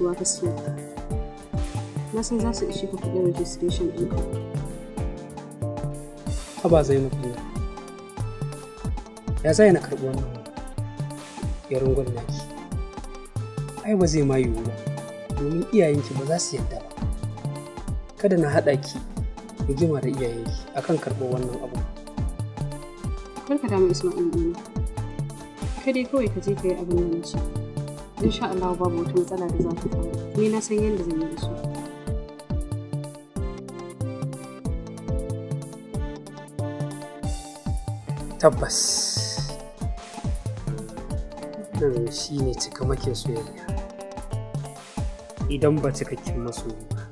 kasuwa ka siya na san za su ishe ka kuɗin registration ɗin ka ba zai mutu. ne ya zai na karɓi wannan yarin gwamnati ai ba zai ma yiwu ba domin iyayenki ba za su yadda ba kada na haɗa ki rigima da iyayenki akan karɓar wannan abu barka da damu isma'il ɗina kadai kawai ka je ka yi abin da na ce insha Allah babu wata matsala da za ta faru ni na san yadda zan yi da su tabbas nan shi ne cika make soyayya idan ba cikakken masoyi ba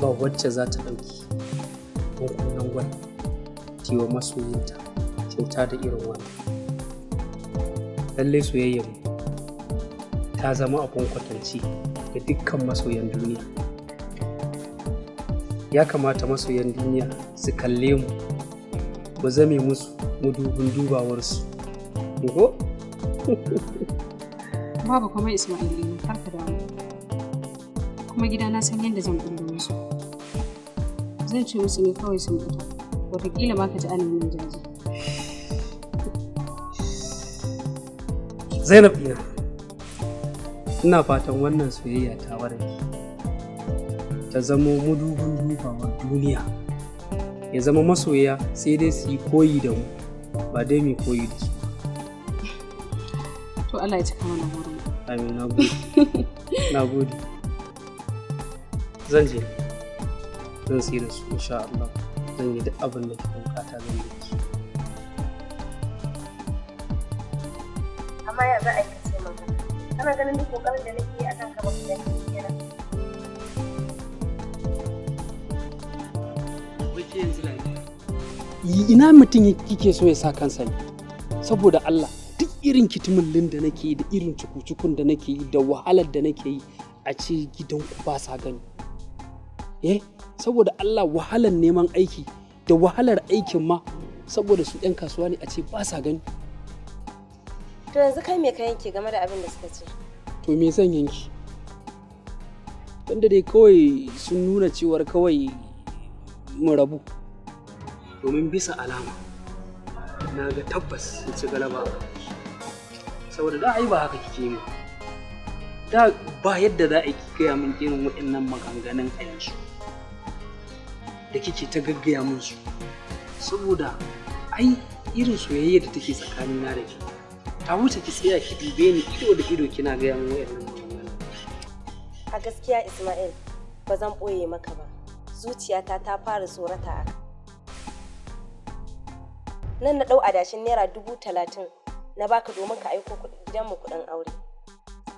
ba wacce za ta ɗauki hukunan gwani tiwa masoyinta kyauta da irin wannan lallai soyayyar mu ta zama abin kwatance ga dukkan masoyan duniya ya kamata masoyan duniya su kalle mu mu zame musu mudubin dubawarsu ko? babu kuma ismaili har ka damu kuma gida na san yadda zan bullo musu zan ce musu ne kawai sun fito wataƙila ba ka ji alamin jaji zainab ina ina fatan wannan soyayya ta warke ta zamo mudugun wa duniya ya zama masoya sai dai su yi koyi da mu ba dai mai koyi da su to Allah ya cika mana burin amin na gode na gode zan je zan sai da su insha Allah zan yi duk abin da kika bukata zan yi amma ya za a yi yi ina mutum kike so ya sa kansa ne saboda Allah duk irin kitimin da nake yi da irin cuku da nake yi da wahalar da nake yi a ce gidanku ba sa gani eh saboda Allah wahalar neman aiki da wahalar aikin ma saboda su 'yan kasuwa ne a ce ba sa gani To yanzu kai me ka yanke game da abin da suka ce? To me zan yanki? Tunda dai kawai sun nuna cewar kawai mu rabu. Domin bisa alama na ga tabbas sun ci galaba saboda da ai ba haka kike mu. Da ba yadda za a yi gaya min irin waɗannan maganganun a yanzu da kike ta gaggaya min su saboda ai irin soyayya da take tsakanin na da ke ta wuce ki tsaya ki dube ni ido da ido kina gaya yan wayan a gaskiya Ismail ba zan ɓoye maka ba zuciyata ta fara tsorata a nan na ɗau adashin naira dubu talatin na baka domin ka aiko gidanmu kuɗin aure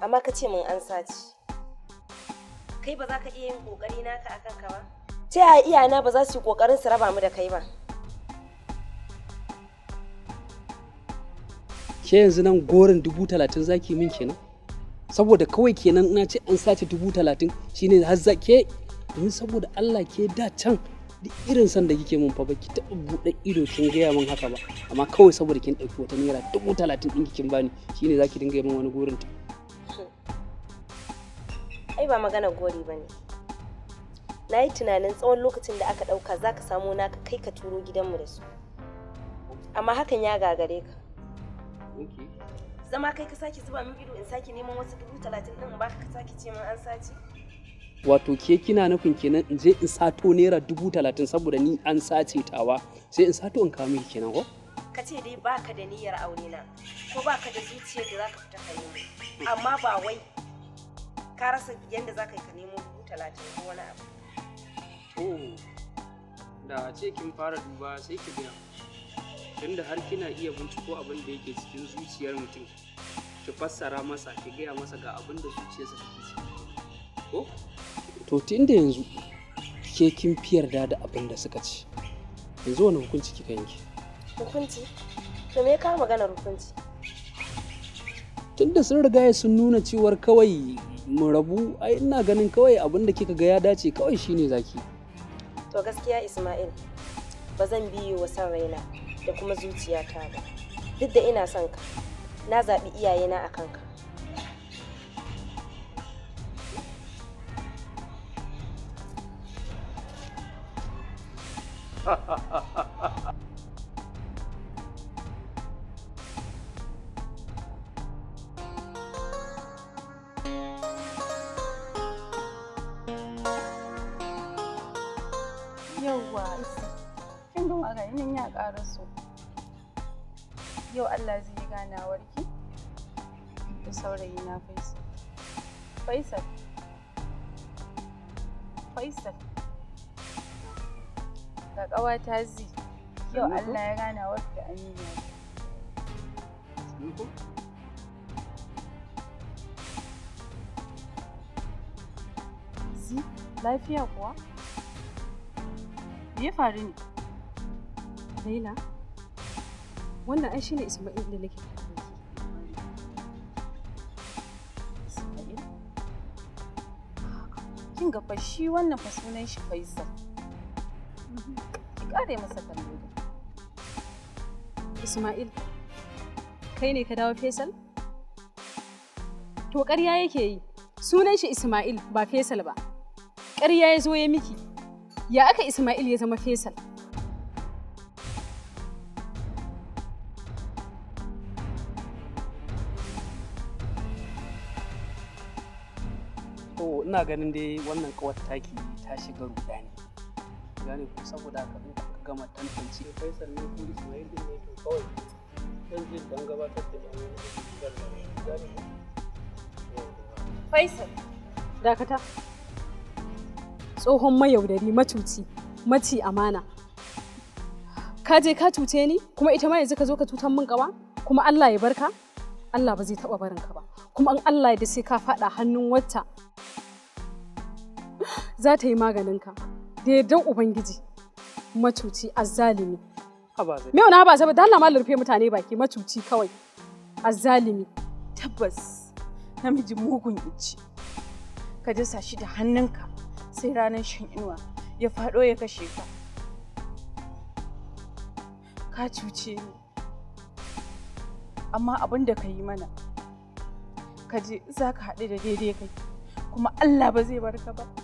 amma ka ce min an sace kai ba za ka iya yin kokari naka akan ka ba ta iya iyana ba za su yi kokarin su raba mu da kai ba ke yanzu nan gorin dubu talatin zaki min kenan saboda kawai kenan ina ce an sace dubu talatin shine har zake domin saboda Allah ke da can irin san da kike mun fa baki taɓa buɗe ido kin gaya min haka ba amma kawai saboda kin ɗauki wata naira dubu talatin ɗin kin bani shine zaki dinga min wani gorin ta. Hmm. ai ba magana gori ba ne na yi tunanin tsawon lokacin da aka ɗauka za ka samo naka kai ka turo gidanmu da su amma hakan ya gagare ka Zama kai ka sake zuba min ido in sake neman wasu dubu talatin din ba ka sake ce min an sace. Wato ke kina nufin kenan in je in sato naira dubu talatin saboda ni an sace tawa sai in sato in kawo miki kenan ko? Ka ce dai baka da niyyar aure na ko baka da zuciyar da zaka fita kai amma ba wai ka rasa yanda zaka yi ka nemo dubu talatin ko wani abu. Oh, da ce kin fara duba sai ki biya. tunda har kina iya binciko abin da yake cikin zuciyar mutum ki fassara masa ki gaya masa ga abin da zuciyarsa take ciki ko to tunda yanzu ke kin fiyar da abin da suka ci yanzu wani hukunci kika yanke hukunci to me ka magana hukunci tunda sun riga sun nuna cewar kawai mu rabu ai ina ganin kawai abin da kika ga ya dace kawai shine zaki to gaskiya Ismail ba zan biyo wa san raina da kuma zuciyata ba duk da ina son ka na zaɓi iyayena a kanka ha ha ha ta zi yau Allah ya gana wasu da amina zi lafiya kuwa me ya faru ne Laila wannan ai shine Isma'il da nake kin gaba shi wannan fasunan shi Faisal kare masa Ismail, kai ne ka dawo fesal To ƙarya yake yi, sunan shi Ismail ba fesal ba. Ƙarya ya zo ya miki, ya aka Ismail ya zama fesal. To, ina ganin dai wannan kawar taki ta shiga rudani. gane ko saboda ka in kuka gama tantance faisal ne ko ismail din ne to kawai zan je dan gabatar da yan shigar da gane faisal dakata tsohon mayaudari macuci maci amana ka je ka cuce ni kuma ita ma yanzu ka zo ka tutan min gaba kuma Allah ya barka Allah ba zai taba barin ka ba kuma an Allah ya da sai ka fada hannun wata za ta yi maganin ka da yardan ubangiji macuci azzalimi me wani haba zaba dan lama rufe mutane baki macuci kawai azzalimi tabbas namiji mugun ici ka dasa shi da hannunka sai ranar shan inuwa ya faɗo ya kashe ka ka cuce ni amma abin da ka yi mana ka je za ka haɗu da daidai kai kuma allah ba zai barka ba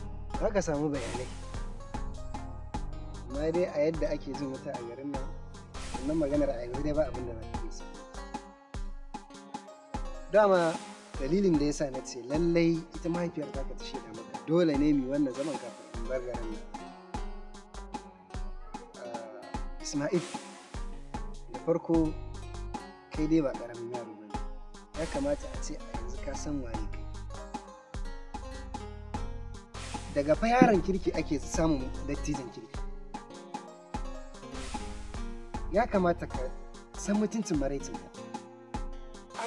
za samu bayanai amma dai a yadda ake jin wata a garin nan wannan maganar a yanzu dai ba abin da za ta dama dalilin da yasa na ce lallai ita mahaifiyar ta ka ta da maka dole ne mu wannan zaman kafin in bar garin nan ah, Ismail da farko kai dai ba karamin yaro ba ne ya kamata a ce a yanzu ka san ka. daga fa yaron kirki ake samun dattijan kirki ya kamata ka san mutuncin maraicin ka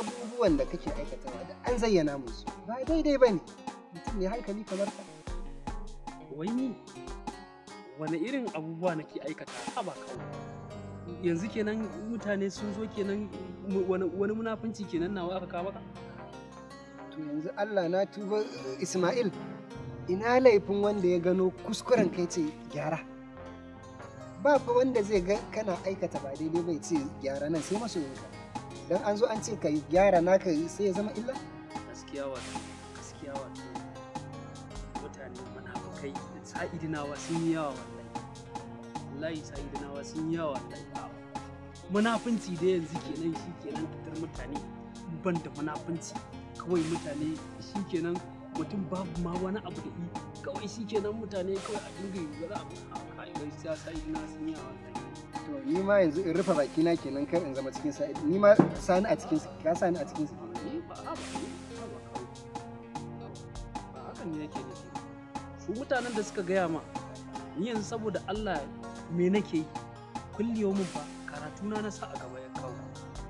abubuwan da kake aikatawa da an zayyana musu ba daidai ba ne mutum mai hankali kamar ka wai ni wani irin abubuwa nake aikata a ba kawai yanzu kenan mutane sun zo kenan wani munafunci kenan nawa aka kawo ka to yanzu Allah na tuba Ismail ina laifin wanda ya gano kuskuren kai ce gyara ba fa wanda zai ga kana aikata ba daidai bai ce gyara nan sai masoyinka don an zo an ce ka gyara naka sai ya zama illa gaskiya wato gaskiya wato mutane munafukai sa'idinawa sun yi yawa wallahi wallahi sa'idinawa sun yi yawa wallahi munafunci da yanzu kenan shi kenan fitar mutane ban da munafunci kawai mutane shi kenan mutum babu ma wani abu da yi kawai shi ke nan mutane kawai a dinga yi gara a ah, kayuwar siyasa yi na sun yi a wannan to ni ma yanzu in rufe baki na kenan kar in zama cikin sa ni ma sani a cikin ka sani a cikin sa ba a ba ba hakan ne yake nufi su mutanen da suka gaya ma ni yanzu saboda Allah me nake yi kullewa mun fa karatu na na sa a gaba ya kawo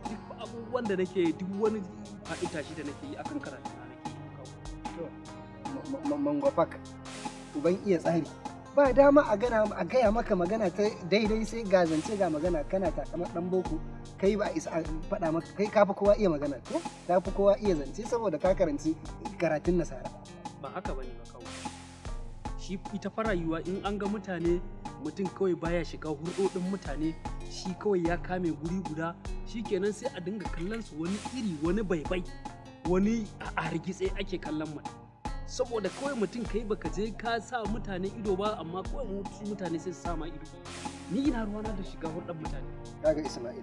duk abubuwan da nake duk wani faɗi tashi da nake yi akan karatu mangwafak uban iya tsari ba dama a gana a gaya maka magana ta daidai sai ga zance ga magana kana kamar dan boko kai ba isa faɗa maka kai kafi kowa iya magana ko kafi kowa iya zance saboda ka karanci karatun nasara ba haka bane ba kawai shi ita fa rayuwa in an ga mutane mutum kawai baya shiga hurdodin mutane shi kawai ya kame guri guda shi kenan sai a dinga kallon su wani iri wani baibai wani a hargitse ake kallon mutum saboda kawai mutum kai baka je ka sa mutane ido ba amma kawai mutu mutane sai su ma ido ni ina ruwana da shiga hurɗar mutane kaga isma'il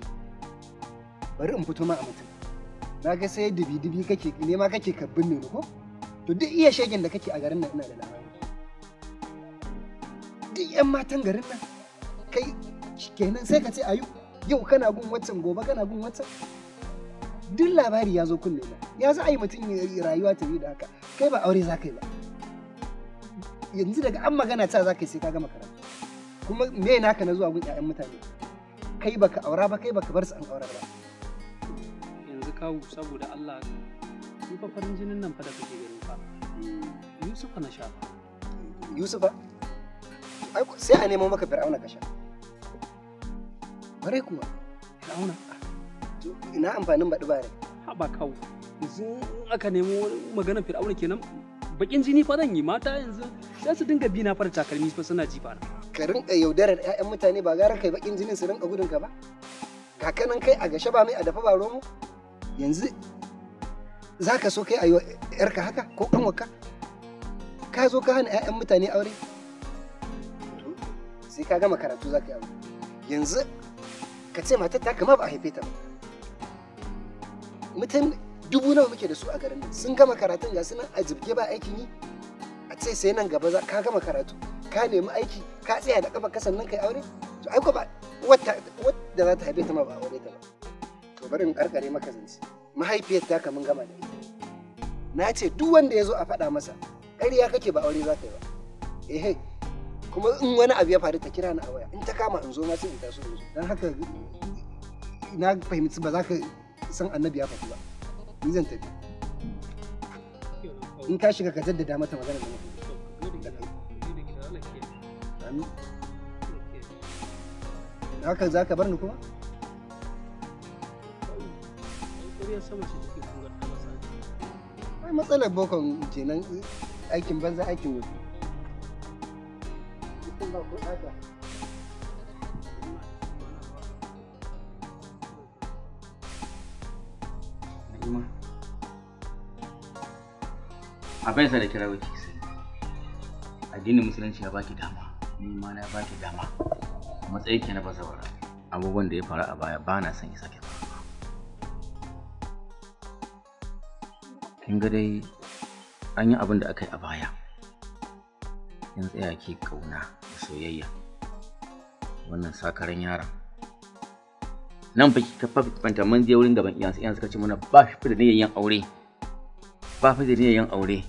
bari in fito ma a mutum na ga sai dubi dubi kake nema kake ka ne ko to duk iya shegen da kake a garin nan ina da labari duk yan matan garin nan kai kenan sai ka ce ayu yau kana gun waccan gobe kana gun waccan duk labari ya zo kunne na ya za a yi mutum rayuwa ta yi da haka kai ba aure za ka yi ba yanzu daga an magana ta za ka yi sai ka gama karatu kuma me naka na zuwa gun ƴaƴan mutane kai baka aura ba kai baka bar su an aura ba yanzu kawu saboda Allah ni fa farin jinin nan fa da kake gani fa hmm. Yusufa na sha Yusufa ai sai a nemo maka Fir'auna ka sha bare kuma Fir'auna ina amfanin baɗi bare ha ba kawo yanzu aka nemo maganar fir'auna kenan bakin jini fa zan yi mata yanzu sai su dinga bina na fara takalmi fa suna jifa na ka rinka yaudarar ƴaƴan mutane ba gara kai bakin jinin su rinka gudun ka ba kakanan kai a gashe ba mai a dafa ba romo yanzu za ka so kai a yarka haka ko kanwaka ka zo ka hana ƴaƴan mutane aure sai ka gama karatu za ka yi aure yanzu ka ce matar ta kama ba a haife ta ba mutum dubu nawa muke da su a garin nan sun gama karatun ga sunan a jibge ba aikin yi a ce sai nan gaba ka gama karatu ka nemi aiki ka tsaya da kafa kasan nan kai aure to ai ba wata da za ta haife ta ma ba aure ta ba to bari in karkare maka zance mahaifiyar ta kamun gama da na ce duk wanda ya zo a faɗa masa ƙarya kake ba aure za ka yi ba ehe kuma in wani abu ya faru ta kira ni a waya in ta kama in zo ma sai in taso in zo don haka na fahimci ba za ka san annabi ya faɗi ba ni zan tafi in ka shiga ka jaddada mata magana da mutum haka za ka bar ni kuma? ai matsalar bokon kenan aikin banza aikin wuce. abin sa da kira wai ki sai addinin musulunci ya baki dama ni ma na baki dama matsayi ke na bazawara abubuwan da ya faru a baya ba na son ya sake faruwa kin ga dai an yi abin da aka yi a baya in tsaya ke kauna da soyayya wannan sakaran yaron nan fa ki kafa fanta mun je wurin gaban iyansu iyansu suka ce mana ba shi da niyyar yin aure ba fi da niyyar yin aure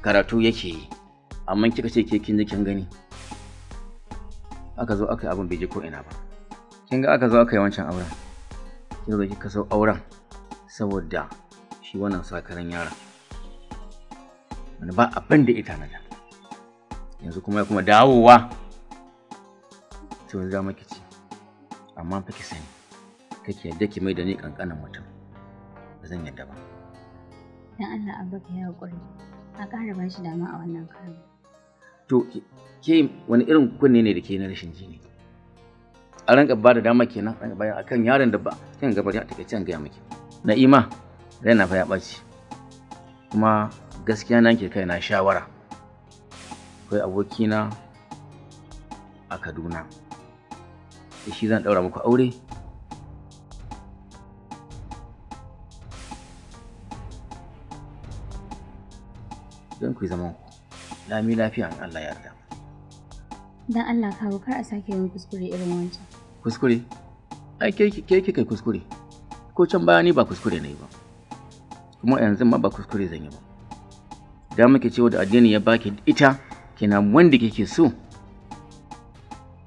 karatu yake yi amma kika ce ke kin kin gani aka zo aka yi abin bai je ko ina ba kin ga aka zo aka yi wancan auren kin zo kika sau auren saboda shi wannan sakaran yaran wani ba abin da ita da? yanzu kuma ya kuma dawowa tun zama za maki amma fa ki sani kake yadda ki mai da ni kankanin mutum ba zan yadda ba dan Allah abba ka ya hakuri a ƙara ba shi dama a wannan karin. To, ke wani irin kunne ne da ke na rashin jini? A ranka ba da dama kenan ranka bayan kan yaron da ba kan gabar ya take can gaya miki. Na'ima raina fa ya ɓaci. Kuma gaskiya na ke kai na shawara. Akwai abokina a Kaduna. Da shi zan ɗaura muku aure don ku zaman ku lami lafiya in Allah ya yarda dan Allah kawo kar a sake yin kuskure irin wancan kuskure ai ke ke kai kuskure ko can baya ni ba kuskure yi ba kuma yanzu ma ba kuskure zan yi ba da muke cewa da addini ya baki ita kenan wanda kike so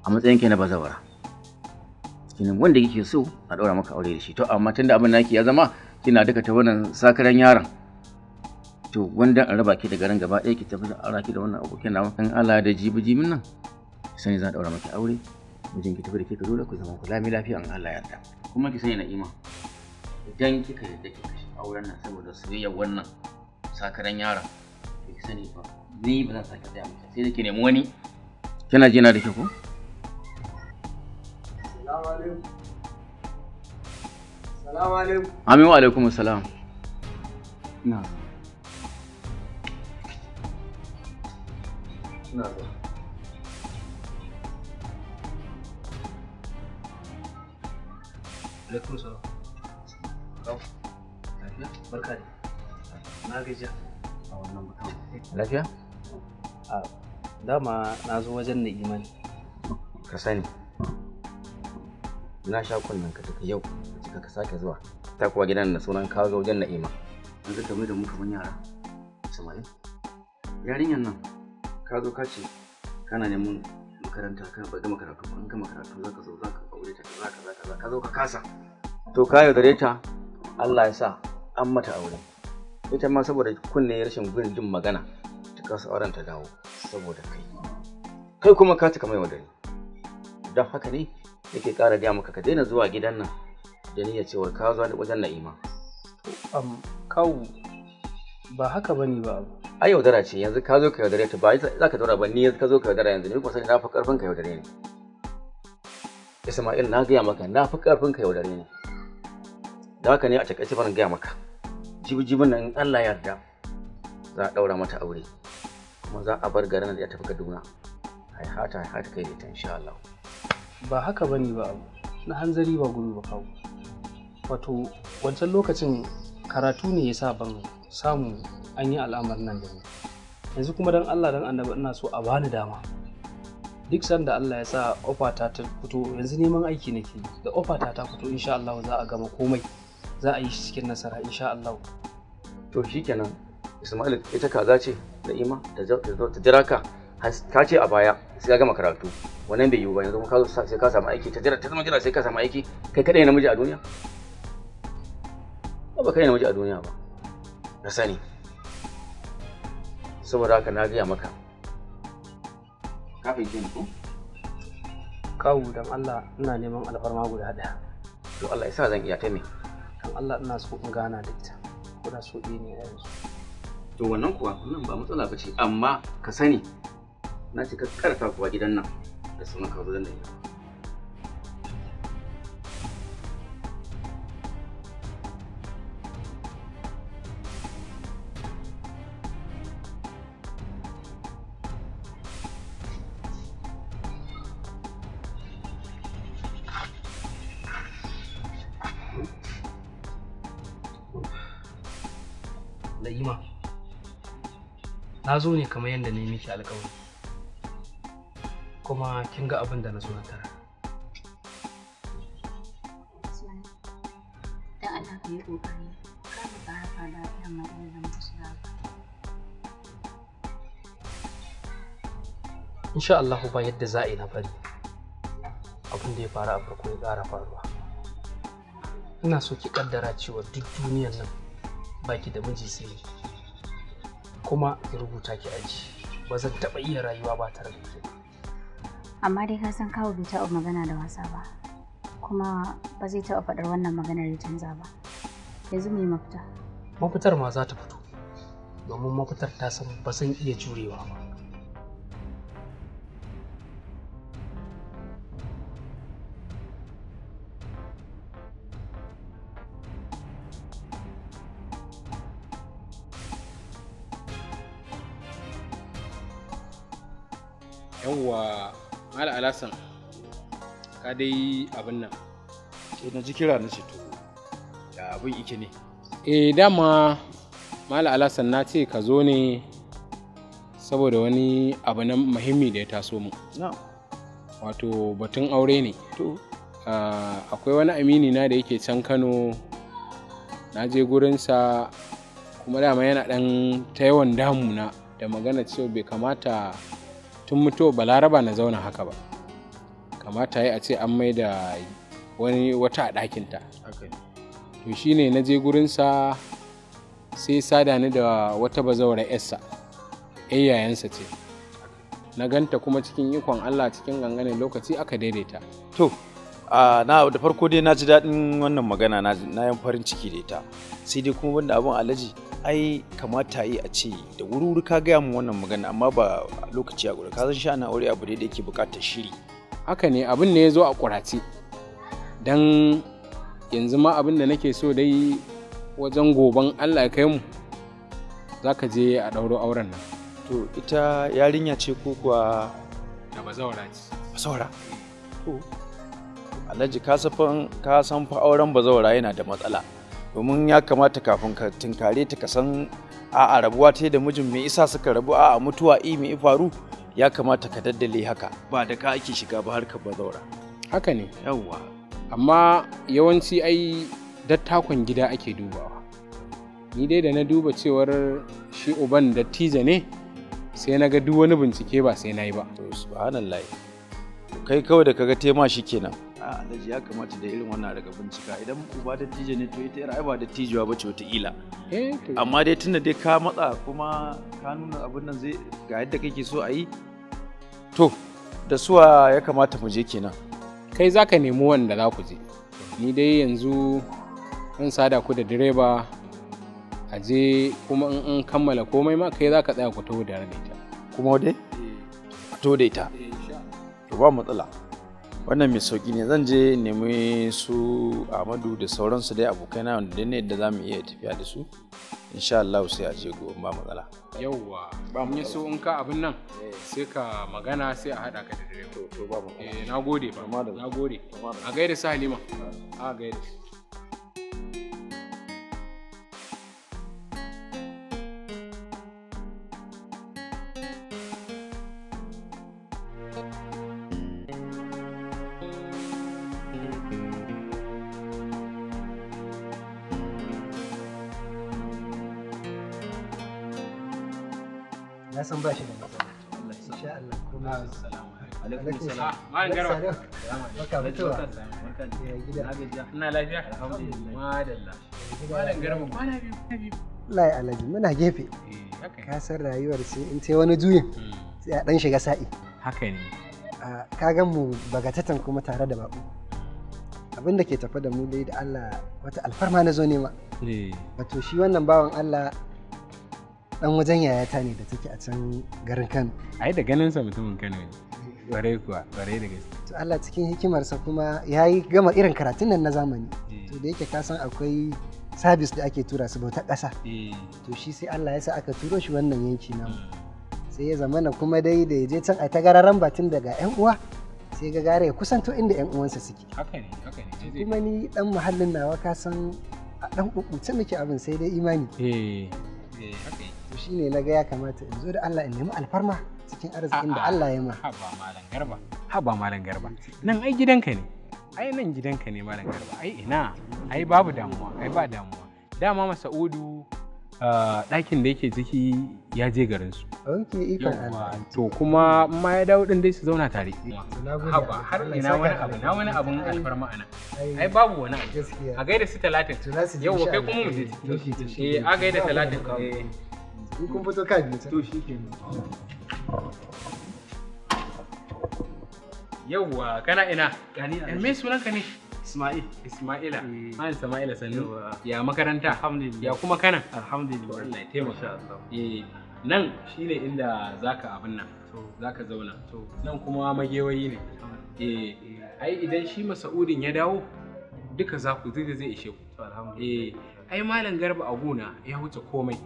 a matsayin ke na bazawara kenan wanda kike so a daura maka aure da shi to amma tunda abin naki ya zama kina duka ta wannan sakaran yaron to wanda an raba ki da garin gaba ɗaya ki tafi da aura ki da wannan abokin nawa in Allah da jibi jimin nan sani za a daura maki aure mijin ki tafi da ke ka dole ku zama ku lami lafiya an Allah ya yarda kuma ki sani na'ima idan kika yarda ki kashi auren nan saboda soyayyar wannan sakaran yaron ki sani ba ni ba zan sake tsaya miki sai da ki nemi wani kina jina da ke ko Salamu alaikum. Salamu alaikum. Amin wa alaikum salam. Na'am. suna zuwa alaikum lafiya na gajiya a wannan mutum lafiya a dama na zo wajen na imani ka sani na sha kunnen ka daga yau cika ka sake zuwa ta kuwa gidan da sunan kawo wajen na'ima an zaka mai da muka yara samari yarinyar nan ka zo ka ce kana neman makaranta kana ba gama karatu ba gama karatu zaka zo zaka aure ta kaza zaka zaka ka zo ka kasa to ka yaudare ta Allah ya sa an mata aure ita ma saboda kunne rashin gurin jin magana ta kasa auren ta dawo saboda kai kai kuma ka cika mai wadani don haka ne yake ƙara gaya maka ka daina zuwa gidan nan da niyyar cewa ka zo wajen na'ima kawu ba haka bane ba abu ai yaudara ce yanzu ka zo ka yaudare ta ba za ka zaura ba ni yanzu ka zo ka yaudara yanzu ni kuma sani na fi karfin ka yaudare ni Isma'il na gaya maka na fi karfin ka yaudare ni da haka ne a takaice ban gaya maka jibijibin nan in Allah ya yarda za a daura mata aure kuma za a bar garin da ya tafi Kaduna hai hata hai hata kai ta insha Allah ba haka bane ba abu na hanzari ba gudu ba kawo wato wancan lokacin karatu ne ya sa ban samu an yi al'amarin nan da ni yanzu kuma dan Allah dan annabi ina so a bani dama duk sanda Allah ya sa ofata ta fito yanzu neman aiki nake da ofata ta fito insha Allah za a gama komai za a yi shi cikin nasara insha Allah to shikenan Ismail ita kaza ce da ima ta jira ka ka ce a baya sai ka gama karatu wannan bai yiwu ba yanzu ka zo sai ka samu aiki ta jira ta zama jira sai ka samu aiki kai kadai namiji a duniya ba kai namiji a duniya ba na sani saboda haka na gaya maka kafin jin ku kawu don allah ina neman alfarma guda ɗaya to allah ya sa zan iya ta dan don allah ina so in gana da ita kuna so ɗaya ne yanzu to wannan kuwa wannan ba matsala ba ce amma ka sani na ce ka karka kuwa gidan nan da sunan kawo zan da ita na zo ne kamar yadda na yi miki alkawari kuma kin ga abin da na zo na tara insha Allah ba yadda za a yi na bari abin da ya faru a farko ya ƙara faruwa ina so ki kaddara cewa duk duniyar nan baki da miji sai kuma ya rubuta ki aji ba zan taɓa iya rayuwa ba tare da ke amma dai ka san kawo bai taɓa magana da wasa ba kuma ba zai taɓa faɗar wannan maganar ya canza ba yanzu mu yi mafita mafitar ma za ta fito domin mafitar ta san ba san iya jurewa ba Hassan ka dai abin nan ke eh, na ji kira na ce da abin ike ne eh dama mala alasan na ce ka zo ne saboda wani abu na muhimmi da ya taso mu wato batun aure ne to ah, akwai wani amini na da yake can Kano na je gurinsa kuma dama yana ɗan ta yawan damuna da magana cewa bai kamata tun mutuwa balaraba na zauna haka ba kamata ya a ce an mai da wani wata a ɗakinta to shine na je gurinsa sai sada ni da wata bazawara yarsa yayansa ce na ganta kuma cikin ikon allah cikin ganganin lokaci aka daidaita to na da farko dai na ji daɗin wannan magana na yin farin ciki da ita sai dai kuma banda abin alaji ai kamata yi a ce da wuri wuri ka gaya mu wannan magana amma ba lokaci a gudu ka san ana aure abu da yake bukatar shiri haka ne abin ne ya zo a kurace don yanzu ma abin da nake so dai wajen goban allah kai mu za ka je a ɗauro auren nan to ita yarinya ce ko kuwa da bazawara ce bazawara to alhaji kasafin kasan fa auren bazawara yana da matsala domin ya kamata kafin ka tinkare ta ka san a'a rabuwa ta da mijin mai isa suka rabu a'a mutuwa i mai faru ya kamata ka daddale haka ba da ka ake shiga ba harkar bazaura haka ne yawwa amma yawanci ai dattakon gida ake dubawa ni dai da na duba cewar shi uban dattijo ne sai na ga duk wani bincike ba sai na yi ba to kai kawai da kaga tema shi kenan a alhaji ya kamata da irin wannan daga bincika idan uba da tijo ne to ita yar ai ba da ba ce wata ila eh amma dai tunda dai ka matsa kuma ka nuna abin nan zai ga yadda kake so a yi to da suwa ya kamata mu je kenan kai za ka nemi wanda za ku je ni dai yanzu in sada ku da direba a je kuma in an kammala komai ma kai za ka tsaya ku taho da ita kuma dai eh. to da ita eh, ba matsala wannan mai sauki ne zan je nemi su amadu da sauransu dai abokaina wanda ne da za mu iya tafiya da su insha Allah sai a je gobe ba matsala yauwa ba mu yi so in ka abin nan eh. sai ka magana sai a hada ka da direba to ba mu eh, na gode ba a gaida su halima a gaida ba shi da insha Allah kuma assalamu alaikum salam ya gida ina lafiya alhamdulillah ba. malam garba kwana biyu Allah ya alaji muna gefe eh, ka san rayuwar sai in sai wani juyin hmm. sai a dan shiga sa'i haka ne ka gan mu kuma tare da baƙo abin ke tafa da mu dai da Allah wata alfarma na zo nema eh. wato wannan bawan Allah dan wajen yayata ne da take a can garin Kano ai da ganin sa mutumin Kano ne ware kuwa ware da gaske to Allah cikin hikimarsa kuma yayi gama irin karatun nan na zamani eh. to da yake ka san akwai sabis da ake tura su bauta ƙasa eh. to shi sai Allah ya sa aka turo shi wannan yanki nan. Hmm. sai ya zamana kuma dai da ya je can a ta gararan batun daga 'yan uwa sai ga gare ya kusanto inda 'yan uwansa suke. Haka ne, haka ne. Kuma ni dan muhallin nawa ka san a dan kukuce muke abin sai dai imani. Eh, eh, haka ne. ne na ga ya kamata in zo da Allah in nemi alfarma cikin arzikin da Allah ya ma haba malam garba haba malam garba nan ai gidanka ne ai nan gidanka ne malam garba ai ina ai babu damuwa ai ba damuwa dama masa'udu ah, ɗakin da yake ciki ya je garin su. Ok, ikon Allah. To kuma ma ya dawo din dai su zauna tare. Haba, har ina wani abu, na wani abun alfarma ana. Ai babu wani abu. A gaida su talatin. Yau, kai kuma mu je. Eh, eh a gaida talatin. Ni kun ka biyu. To shi ke Yawwa kana ina? Gani a. Eh, me sunan ka ne? Ismail. Ismaila. Eh. Ismaila Ya makaranta? Ya kuma kana? Alhamdulillah. Eh nan shine abin nan. Zaka zauna. Nan kuma magewayi ne. Eh ai idan shi Masa'udin ya dawo duka za ku zai ishe ku. ai malam garba a gona ya huce komai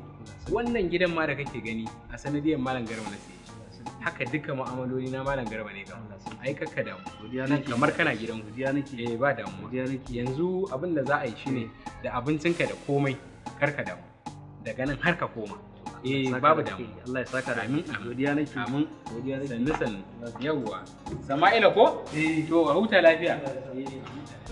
wannan gidan ma da kake gani a sanadiyar malam garba na sai haka duka mu'amaloli na malam garba ne kan ai kakka damu kamar kana gidan godiya nake eh ba nake yanzu abin da za a yi shine da abincinka da komai kar ka damu daga nan har ka koma eh babu damu Allah ya saka amin godiya nake amin godiya nake sanin sanin yawwa sama'ila ko eh to a huta lafiya eh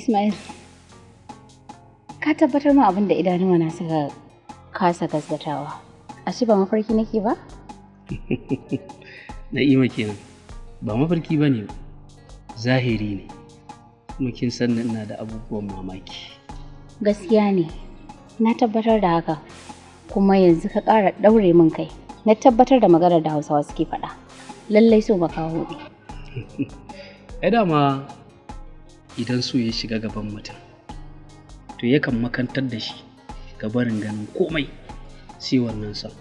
Ismail, ka tabbatar ma abin da idanuwa na suka kasa gaskatawa shi ba mafarki nake ba? Na'ima kenan. Ba mafarki ba ne, zahiri ne. Kuma kin san da abubuwan mamaki. Gaskiya ne, na tabbatar da haka. Kuma yanzu ka ƙara ɗaure min kai. Na tabbatar da maganar da Hausawa suke faɗa. Lallai so ba kawo ne. Ai dama idan so ya shiga gaban mutum to yakan makantar da shi ga barin ganin komai sai wannan sa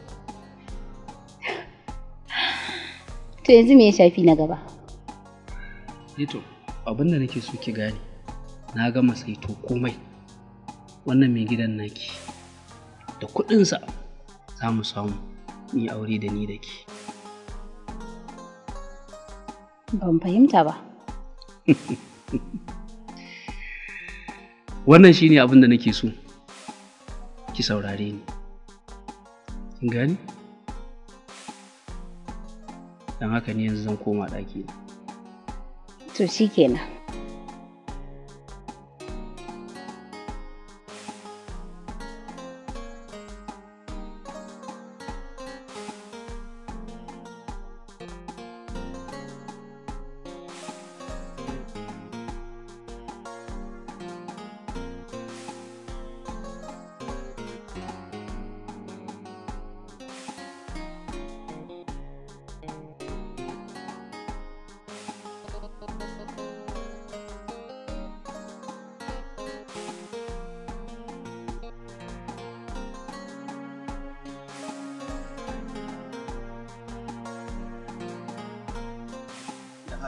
to yanzu me ya shafi na gaba eh to abin da nake so ki gane na gama saito komai wannan mai gidan naki da kuɗinsa za mu samu ni aure da ni dake. ban fahimta ba wannan shine abin da nake so ki saurare ni gani don haka ne yanzu zan koma ɗaki to kenan.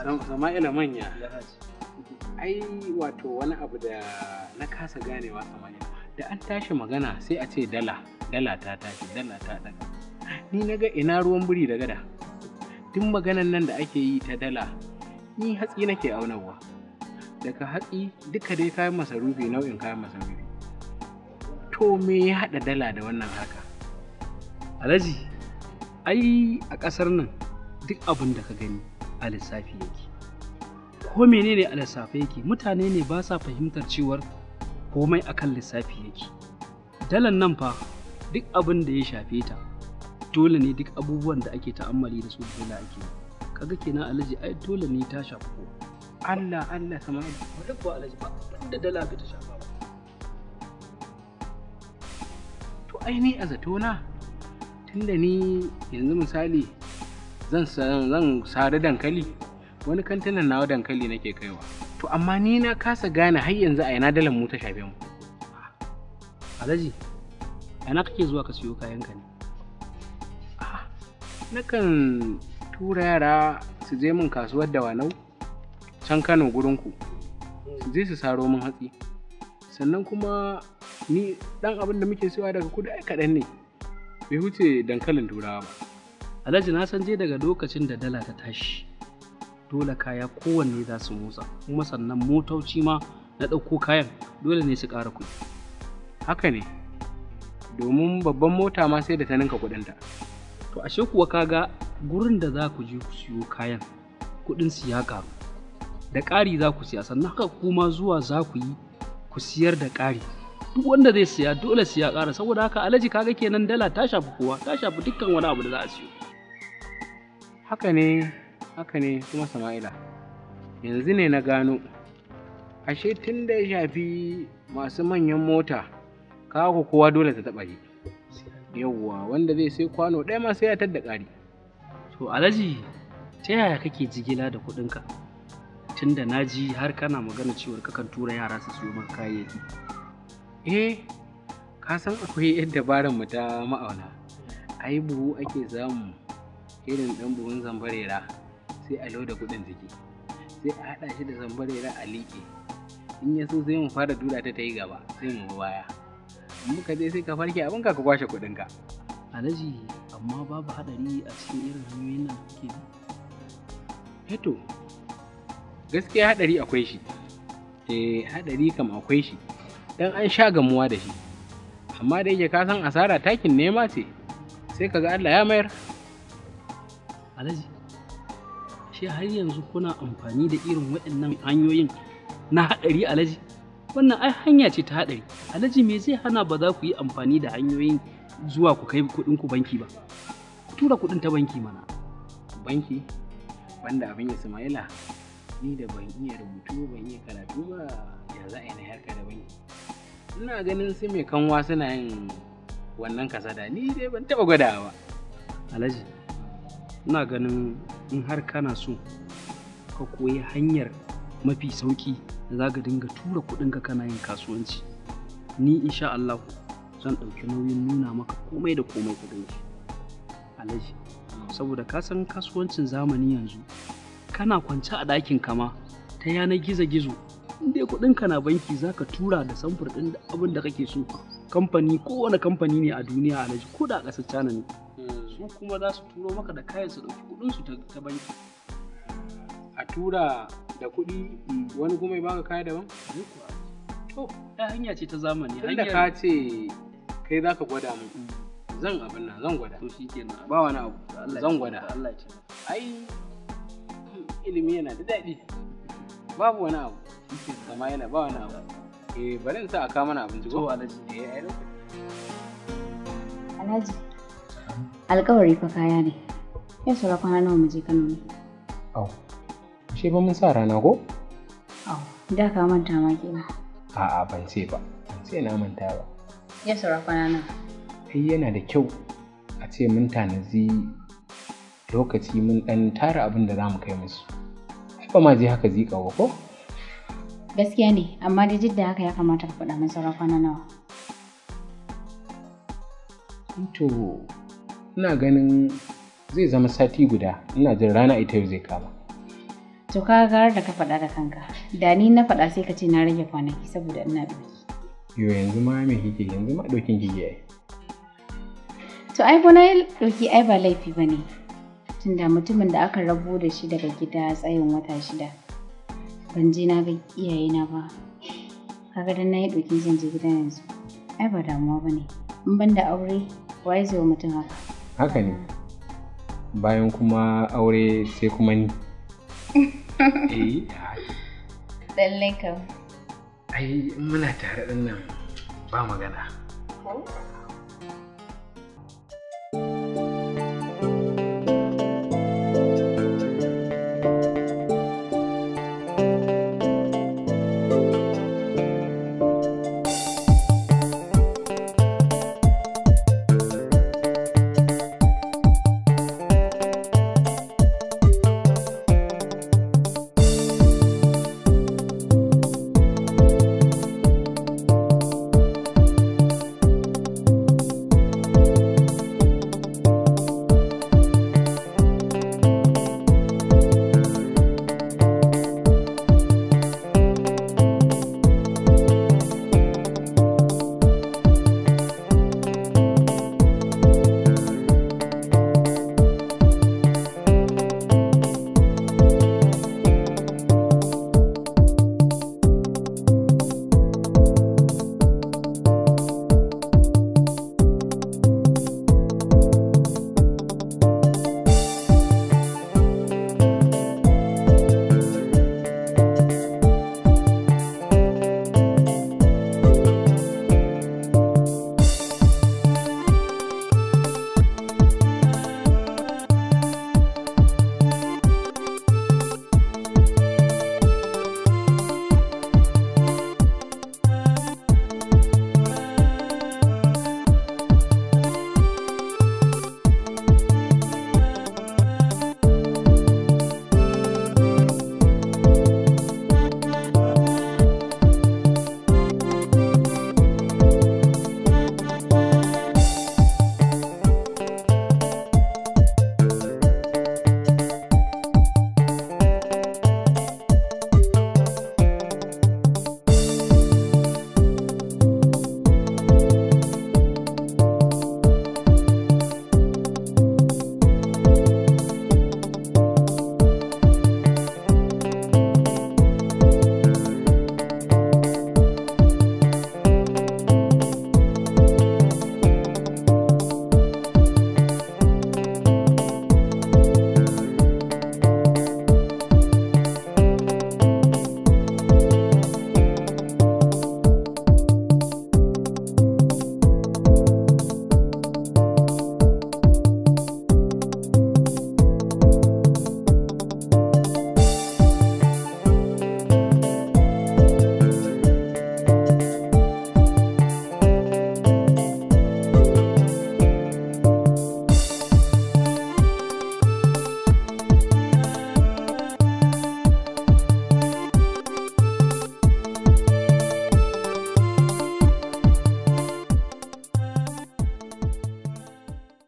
Sama'ila manya. Ai wato wani abu da na kasa ganewa Sama'ila. Da an tashi magana sai a ce dala, dala ta tashi, dala ta daga. Ni na ga ina ruwan biri da gada. Duk maganan nan da ake yi ta dala, ni hatsi nake aunawa. Daga hatsi duka dai kayan masarufi nau'in kayan masarufi. To me ya haɗa dala da wannan haka? Alhaji, ai a ƙasar nan duk abin da ka gani a lissafi yake ko menene a lissafi yake mutane ne ba sa fahimtar cewar komai a kan lissafi yake dalan nan fa duk abin da ya shafe ta dole ne duk abubuwan da ake ta'ammali da su dole ake kaga kenan alaji ai dole ne ta shafi ko Allah Allah kamar ba ba alaji ba da dala ka ta shafa ba to ai ni a zatona tunda ni yanzu misali zan zan sari dankali wani kantinan nawa dankali nake kaiwa to amma ni na kasa gane har yanzu a ina dalan mu ta shafe mu alhaji ina kake zuwa ka siyo kayan ka ne kan tura yara su je min kasuwar da wanau can kano gurinku su je su saro min hatsi sannan kuma ni dan abin da muke siyowa daga kudu ai kaɗan ne bai huce dankalin turawa ba alhaji na san je daga lokacin da dala ta tashi dole kaya kowanne za su motsa kuma sannan motoci ma na ɗauko kayan dole ne su ƙara kuɗi haka ne domin babban mota ma sai da ta ninka kuɗinta to ashe kuwa kaga gurin da za ku je ku siyo kayan kuɗin su ya ƙaru da ƙari za ku siya sannan haka kuma zuwa za ku yi ku siyar da ƙari duk wanda zai siya dole siya ƙara saboda haka alhaji kaga kenan dala ta shafi kowa ta shafi dukkan wani abu da za a siyo Haka ne, haka ne kuma Sama'ila. Yanzu ne na gano, ashe tun da ya shafi masu manyan mota, kawo kowa dole ta taɓa yi. Yawwa wanda zai sai kwano ɗaya ma sai ya tadda ƙari. To Alhaji, ta yaya kake jigila da kuɗinka? Tun da na ji har kana magana cewar kakan tura yara su siyo maka kayayyaki. Eh, ka san akwai yadda barin mu ta ma'auna. Ai buhu ake zamu. irin ɗan buhun zambarera sai a loda kuɗin jiki sai a haɗa shi da zambarera a liƙe in ya so sai mu fara dura ta ta yi gaba sai mu ga baya muka je sai ka farke abin ka ka kwashe kuɗin ka alhaji amma babu haɗari a cikin irin hanyoyin nan ke heto eh gaskiya haɗari akwai shi eh haɗari kam akwai shi dan an sha gamuwa da shi amma da yake ka san asara takin nema ce sai kaga Allah ya mayar alaji shi har yanzu kuna amfani da irin waɗannan hanyoyin na haɗari alaji wannan ai hanya ce ta haɗari alaji me zai hana ba za ku yi amfani da hanyoyin zuwa ku kai kuɗin ku banki ba tura kuɗin ta banki mana banki banda abin ismaila ni da ban iya rubutu ban iya karatu ba ya za a yi na harka da banki ina ganin su mai kanwa suna yin wannan kasada ni dai ban taɓa gwadawa ba alaji ina ganin in har kana so ka koyi hanyar mafi sauki da za ka dinga tura kuɗinka kana yin kasuwanci ni insha Allah zan ɗauki nauyin nuna maka komai da komai ka gani alaji saboda ka san kasuwancin zamani yanzu kana kwance a ɗakin kama ta yanar gizo-gizo Inda kuɗinka na banki za ka tura da samfur ɗin abin da kake so kamfani kowane kamfani ne a duniya alaji ko da a ƙasar cana ne su kuma za su turo maka da kayan su ɗauki su ta banki a tura da kuɗi wani kuma ya baka kaya daban to ta hanya ce ta zamani hanya ka ce kai za ka gwada mu zan abin nan zan gwada to shikenan ba wani abu zan gwada Allah ce ai ilimi yana da daɗi babu wani abu kuma yana ba wani abu eh bari in sa aka mana abinci ko alaji eh ai alkawari fa kaya ne Yin sura kwana nawa mu je kano ne au shi ba mun sa rana ko au da ka manta ma a a'a ban ce ba ban ce na manta ba Yin sura kwana nawa kai yana da kyau a ce mun tanazi lokaci mun dan tara abin da za mu kai musu ba ma je haka zika ba ko gaskiya ne amma da jidda haka ya kamata ka faɗa min sauran kwana nawa to ina ganin zai zama sati guda ina jin rana ita yau zai kama to ka gara da ka faɗa da kanka da ni na faɗa sai ka ce na rage kwanaki saboda ina ɗauki yo yanzu ma me kike yanzu ma ɗaukin kike yayi to ai na ɗauki ai ba laifi ba ne tunda mutumin da aka rabu da shi daga gida tsayin wata shida ban je na ga iyayena ba kaga dan nayi ɗauki zan je gida yanzu ai ba damuwa ba ne in ban da aure wai zai mutum haka haka ne bayan kuma aure sai kuma ni eh ai muna tare din nan ba magana